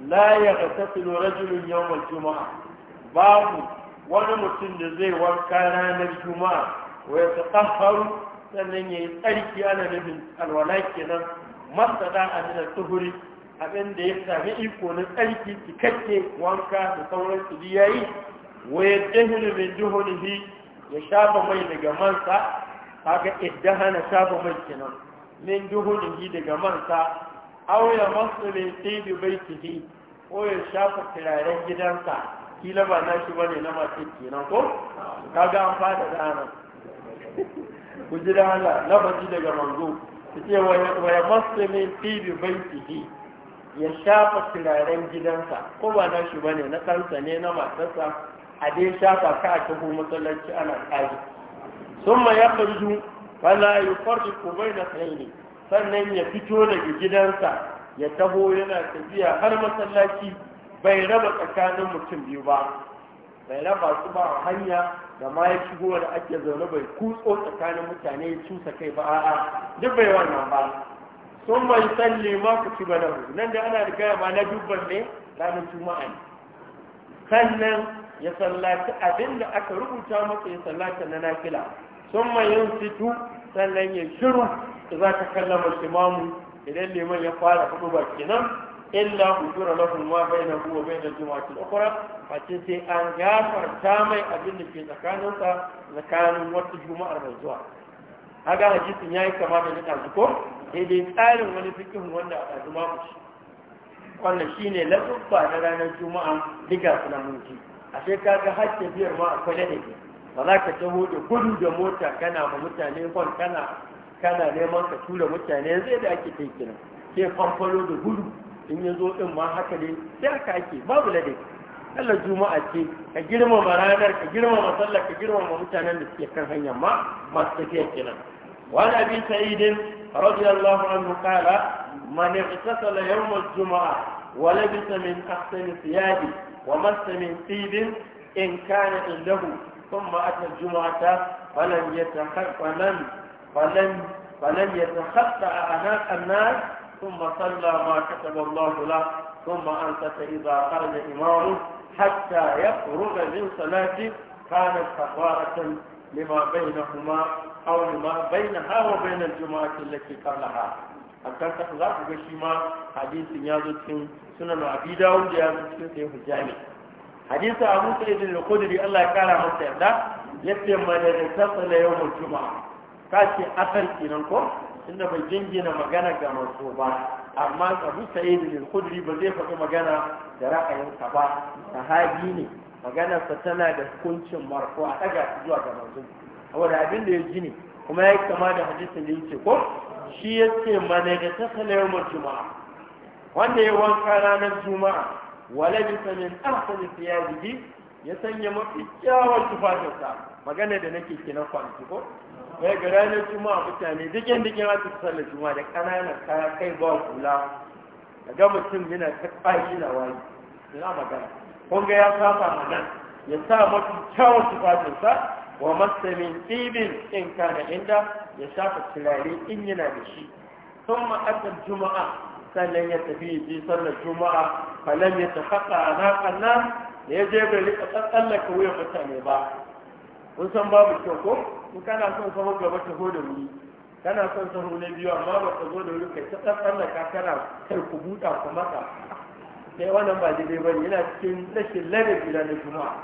la ya gatasilu rajulun yawmal juma'a babu wani mutum da zai wanka ranar juma'a wa ya sannan ya yi tsarki ana nufin alwala kenan masada a nuna tuhuri abin da ya sami iko na tsarki cikakke wanka da sauran su ya yi wa ya dahilu min ya shafa mai daga mansa haka idda hana shafa mai kenan min duhurihi daga mansa aw ya masule sai bi baitihi ko ya shafa turaren gidansa kila ba na shi bane na mace kenan ko kaga an fada dana ku ji da Allah lafazi daga manzo ce wa ya masule sai bi baitihi ya shafa turaren gidansa ko ba na shi bane na kansa ne na matarsa a dai shafa ka a tafi masallaci ana kaji sun ma ya farju wala yi farji ku bai na tsaye sannan ya fito daga gidansa ya taho yana tafiya har masallaci bai raba tsakanin mutum biyu ba bai raba su ba a hanya da ma ya shigo da ake zaune bai kutso tsakanin mutane ya cusa kai ba a'a duk bai wannan ba sun bai san ma ku ci bana nan da ana da gaya ma na dubban ne ranar juma'a ne sannan ya sallaci abin da aka rubuta masa ya sallata na nafila sun mai yin situ sannan ya shiru za ka kallama imam idan liman ya fara hudu ba kenan illa hujura lahu ma hu wa baina al-jumu'ati al-ukhra sai an gafarta mai abin da ke tsakaninsa tsakanin wata juma'ar mai zuwa kaga hadisin yayi kama da na ko sai dai tsarin wani fikihin wanda a kazu ma shi wannan shine lafuffa na ranar juma'a diga suna a sai kaga hakke biyar ma akwai da ba za ka taho da gudu da mota kana ma mutane kwan kana kana neman ka tura mutane zai da ake kai kiran ke farfaro da gudu in ya zo din ma haka ne sai haka ake babu ladai Allah juma'a ce ka girmama ranar ka girma ma sallar ka girma ma mutanen da suke kan hanya ma masu tafiya kiran wa nabi sa'idin radiyallahu anhu qala man ihtasala yawm al-jum'a wa labisa min ahsani thiyabi wa massa min tibin in kana indahu ثم أتى الجمعة فلم فلن فلن يتخطى أعناق الناس ثم صلى ما كتب الله له ثم أنت إذا خرج إمامه حتى يخرج من صلاته كانت حقارة لما بينهما أو لما بينها وبين الجماعة التي قالها أنت تخلق بشيما حديث يازد في سنن عبيدة داود يازد في الجامع حديث أبو سيد القدري الله كان مستعدا يتم من يتصل يوم الجمعة ta ce asal kenan ko inda bai jingina magana ga manzo ba amma abu sa'id bin khudri ba zai faɗi magana da ra'ayinsa ba sahabi ne maganarsa tana da hukuncin marko a ɗaga zuwa ga manzo saboda abin da ya ji ne, kuma ya kama da hadisin da yake ko shi ya ce mana da ta mu juma'a wanda ya wanka ranar juma'a wala bisa min ahsani thiyabihi ya sanya mafi kyawun tufafinsa magana da nake ke na kwanci ko Mai ga ranar juma'a mutane dikin dikin ake sallar juma'a da ƙananan kaya kai ba kula ga mutum yana ta ƙashi na wani ina magana kun ga ya saba mana ya sa mafi kyawun sa wa masamin ɗibin in da inda ya shafa turare in yana da shi sun ma'akar juma'a sannan ya tafi ji sallar juma'a falam ya ta haƙa a nan da ya je bai rika tsallaka wuya mutane ba kun san babu kyau ko in kana son sahu gaba ta zo da wuri kana son sahu na biyu amma ba ta zo da wuri kai ta ka kana kai ku buɗa ku maka sai wannan ba daidai ba yana cikin rashin ladabi na juma'a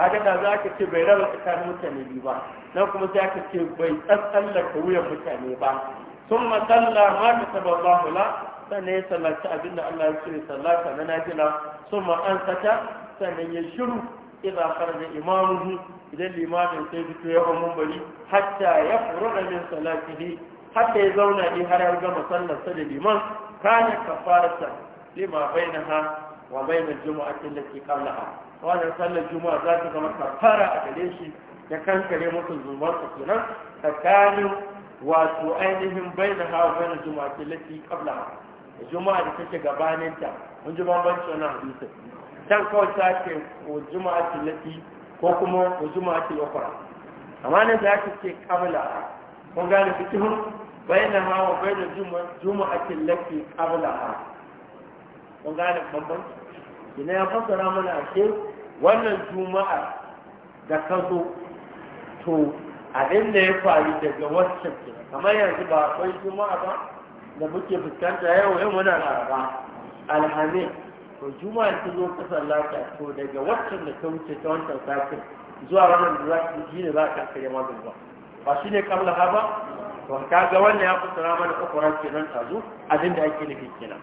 a daga za ka ce bai raba tsakanin mutane biyu ba nan kuma sai ka ce bai ka wuyan mutane ba sun matsalla ma ta saba ba hula sannan ya sallaci abinda Allah ya ce sallata na najila sun ma'ansata sannan ya shiru idza kharaja imamuhu idan limamin sai fito ya hawo mumbari hatta ya da min salatihi hatta ya zauna ne har ya gama sallarsa da liman kana kafarata lima bainaha wa bainal jumu'ati allati qablaha wannan sallar juma'a za ta zama kafara a gare shi ya kankare musu zumarsa kenan tsakanin wato ainihin bainaha wa bainal jumu'ati allati qablaha juma'a da take gabaninta mun ji bambanci wannan hadisi can kawai ta ce wa ce lati ko kuma wa ce ukhra amma nan za ka ce qabla kun gane fikihun bainaha wa a ce lati qabla kun gane bambanci ina ya fasara mana ce wannan juma'a da ka zo to abin da ya faru daga wancan ke kamar yanzu ba akwai juma'a ba da muke fuskanta yau yau muna laraba alhamis to juma'a ta zo ka sallata to daga waccan da ta wuce ta wancan satin zuwa wannan da za ka yi ne za ka kai magani ba ba shi ne kamla Haba? ba to ka ga wannan ya kusura mana ukura nan ta zo abin da ake nufi kenan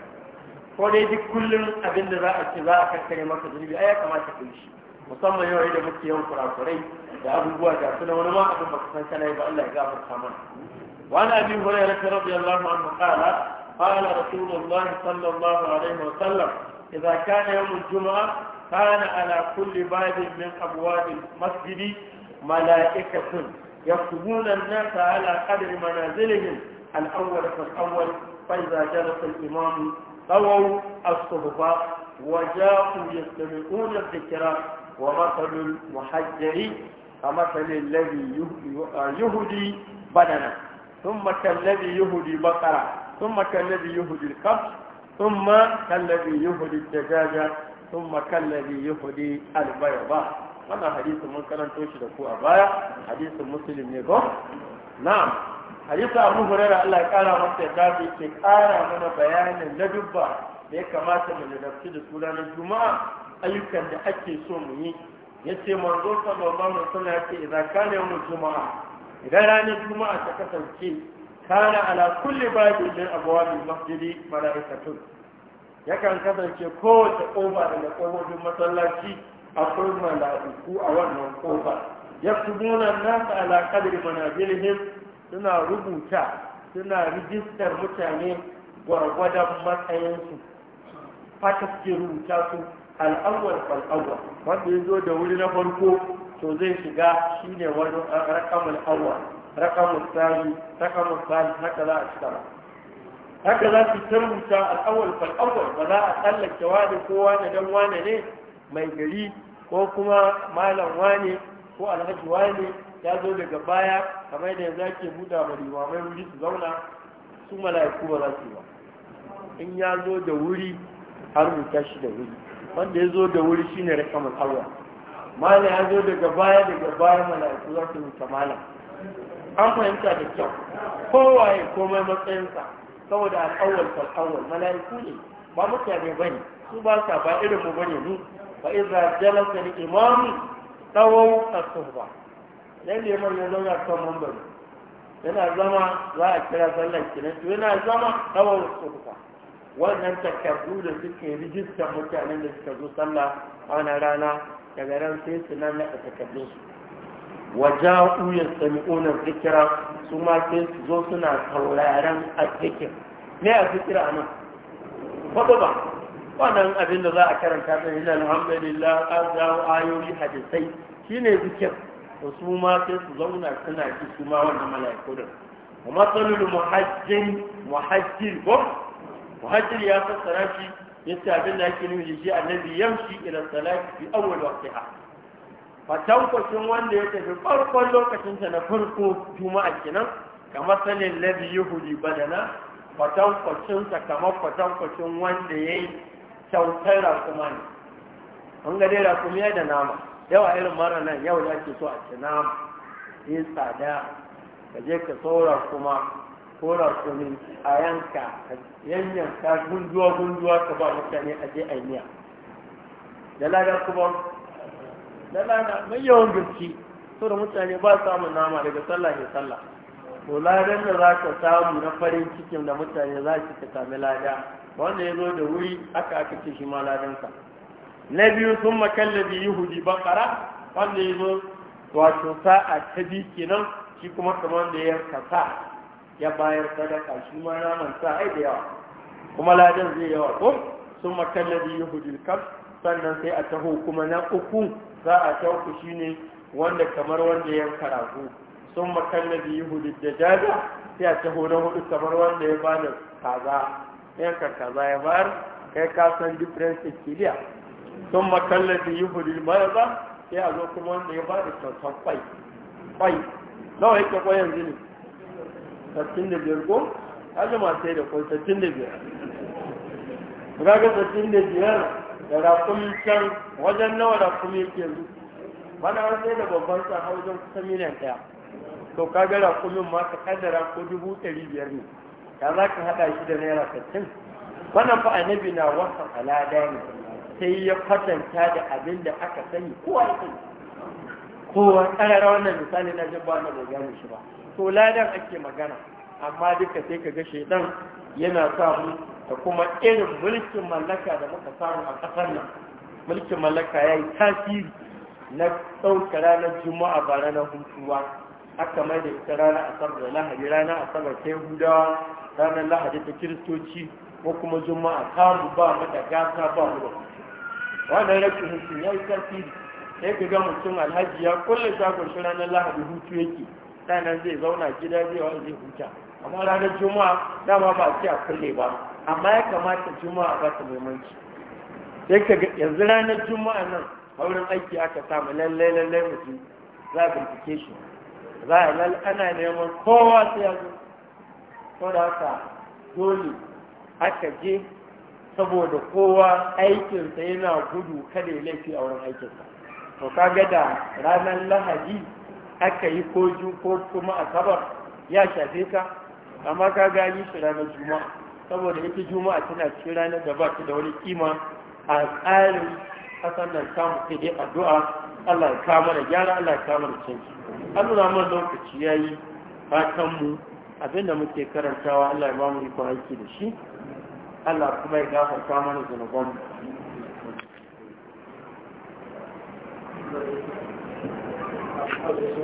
ko dai duk kullum abin da za a ce za a kakkare maka zunubi ai ya kamata ka yi shi musamman yau da muke yawan kurakurai da abubuwa da suna wani ma abin baka san kana ba Allah ya gafarta mana وعن ابي هريره رضي الله عنه قال قال رسول الله صلى الله عليه وسلم إذا كان يوم الجمعة كان على كل باب من أبواب المسجد ملائكة يكتبون الناس على قدر منازلهم الأول فالأول فإذا جلس الإمام طووا الصحفاء وجاءوا يستمعون الذكر ومثل المحجر كمثل الذي يهدي بدنا ثم كالذي يهدي بقرة ثم كالذي يهدي الكبش ثم كالذي يهدي الدجاجة ثم كالذي يهدي البيضاء وانا حديث من كان توشي دكو أبايا حديث مسلم يقول نعم حديث أبو هريرة الله قال مصر دابي كقال من بيان لدبا da ya kamata mu nazarci da su ranar juma'a ayyukan da ake so mu yi ya ce manzo sallallahu alaihi wasallam ya ce idan kana yawmul juma'a idan ranar juma'a ta kasance kana ala kulli babin min abwabil masjidi mala'ikatun yakan kasance kowace kofa da kofofin masallaci akwai uku a wannan kofa yaktubuna an-nasa ala qadri manazilihim suna rubuta suna rijistar mutane gwargwadon matsayinsu fata suke rubuta su al'awwal fal'awwal wanda ya zo da wuri na farko to zai shiga shine wani rakamul awwal رقم الثاني رقم الثالث هكذا اشترى هكذا في ترمتا الأول فالأول ولا أقل جواد كوانا دوانا ليه ما يجري وكما مالا واني ko alhaji wane ya zo daga baya kamar da yanzu ake buɗa ma limamai wuri su zauna su mala'iku ba za su ba in ya zo da wuri har rubuta shi da wuri wanda ya zo da wuri shine rakamul awwal mala ya zo daga baya daga baya mala'iku za su rubuta malam an fahimta da kyau kowaye komai matsayinsa saboda al'awwal fal'awwal mala'iku ne ba mutane ba ne su ba sa ba irin mu ne mu ba iza jalasa ni imami tsawon ba. ba dan ne ya zauna kan mambari yana zama za a kira sallar kinan to yana zama tsawon as ba. wannan takardu da suke rijistar mutanen da suka zo sallah a wani rana daga ran sai su nan na takardun su Wa waja'u yastami'una dhikra su ma sai su zo suna tauraron azzikir me azzikir anan fado ba wannan abin da za a karanta da ila alhamdulillah azawu ayoyi hadisai shine zikir to su ma sai su zauna suna ji su ma wannan mala'iku da wa matsalul muhajjin muhajjir ko muhajjir ya fassara shi yace abin da yake nufi shi annabi yamshi ila salati fi awwal waqtiha fatankwacin wanda ya tafi farkon lokacinsa na farko juma'a kenan kamar sanin labi yuhudi badana kwatankwacinsa kamar kwatankwacin wanda ya yi kyautar rakuma ne an gade rakumi ya da nama yawa irin mara nan yau da ke so a ce nama yi tsada ka je ka saura kuma ko rakumi a yanka yanyanka gunduwa gunduwa ka ba mutane a je a miya da ladar kuma na mai yawan gaske da mutane ba samun nama daga sallah ne sallah to ladan da za ka samu na farin cikin da mutane za su ka sami lada wanda ya zo da wuri aka aka ce shi ma ladansa na biyu sun makalla makallabi yahudi bakara wanda ya zo wato sa'a ta bi kenan shi kuma kamar da ya kasa ya bayar sadaka shi ma naman sa da yawa kuma ladan zai yawa ko sun makalla makallabi yahudi kaf sannan sai a taho kuma na uku za a kyauku ne wanda kamar wanda ya karago sun makalla da hudu da jaja sai a taho hudu hudu kamar wanda ya bada kaza yankan kaza ya bayar kai ka san difference kiliya sun makalla da yuhudu ba, sai a zo kuma wanda ya bada kyautan kwai kwai nawa yake kwai yanzu ne sattin da biyar ko ajima sai da kwai sattin da biyar ga sattin da biyar da rakumi can wajen nawa rakumi yake yanzu bana an sai da babban sa har wajen kusan miliyan ɗaya to ka ga rakumin ma ka kaddara ko dubu ɗari biyar ne ya za ka haɗa shi da naira sittin wannan fa annabi na wasa alada ne sai ya kwatanta da abin da aka sani kowa ya sani kowa wannan misali na jin ba na bai gane shi ba to ladan ake magana amma duka sai ka ga shaidan yana sa mu da kuma irin mulkin mallaka da muka samu a kasar nan mulkin mallaka ya yi tasiri na ɗauka ranar juma'a ba ranar hutuwa aka mai da ita ranar asabar da lahadi ranar asabar ta yahudawa ranar lahadi ta kiristoci ko kuma juma'a mu ba mu da gasa ba mu da wannan rashin hutu ya yi tasiri sai ka ga mutum alhaji ya kulle shagon shi ranar lahadi hutu yake sannan zai zauna gida zai wani zai huta amma ranar juma'a dama ba a ce a kulle ba amma ya kamata juma'a ba ta maimanci sai ka ga yanzu ranar juma'a nan hauren aiki aka samu lallai lallai mutum za a bincike shi za a lal ana neman kowa sai ya zo ko da haka dole aka je saboda kowa aikinsa yana gudu kada ya laifi a wurin aikinsa to kaga da ranar lahadi aka yi ko ju ko kuma asabar ya shafe ka amma ka gani shi ranar juma'a saboda ita juma'a tana cikin ranar da ba ta da wani kima a tsarin kasan nan samu sai dai addu'a Allah ya kama da gyara Allah ya kama da canji an nuna mana lokaci yayi fatan mu abinda muke karantawa Allah ya ba mu iko aiki da shi Allah kuma ya gafarta mana zunubanmu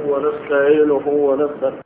ونستعينه ونستغفره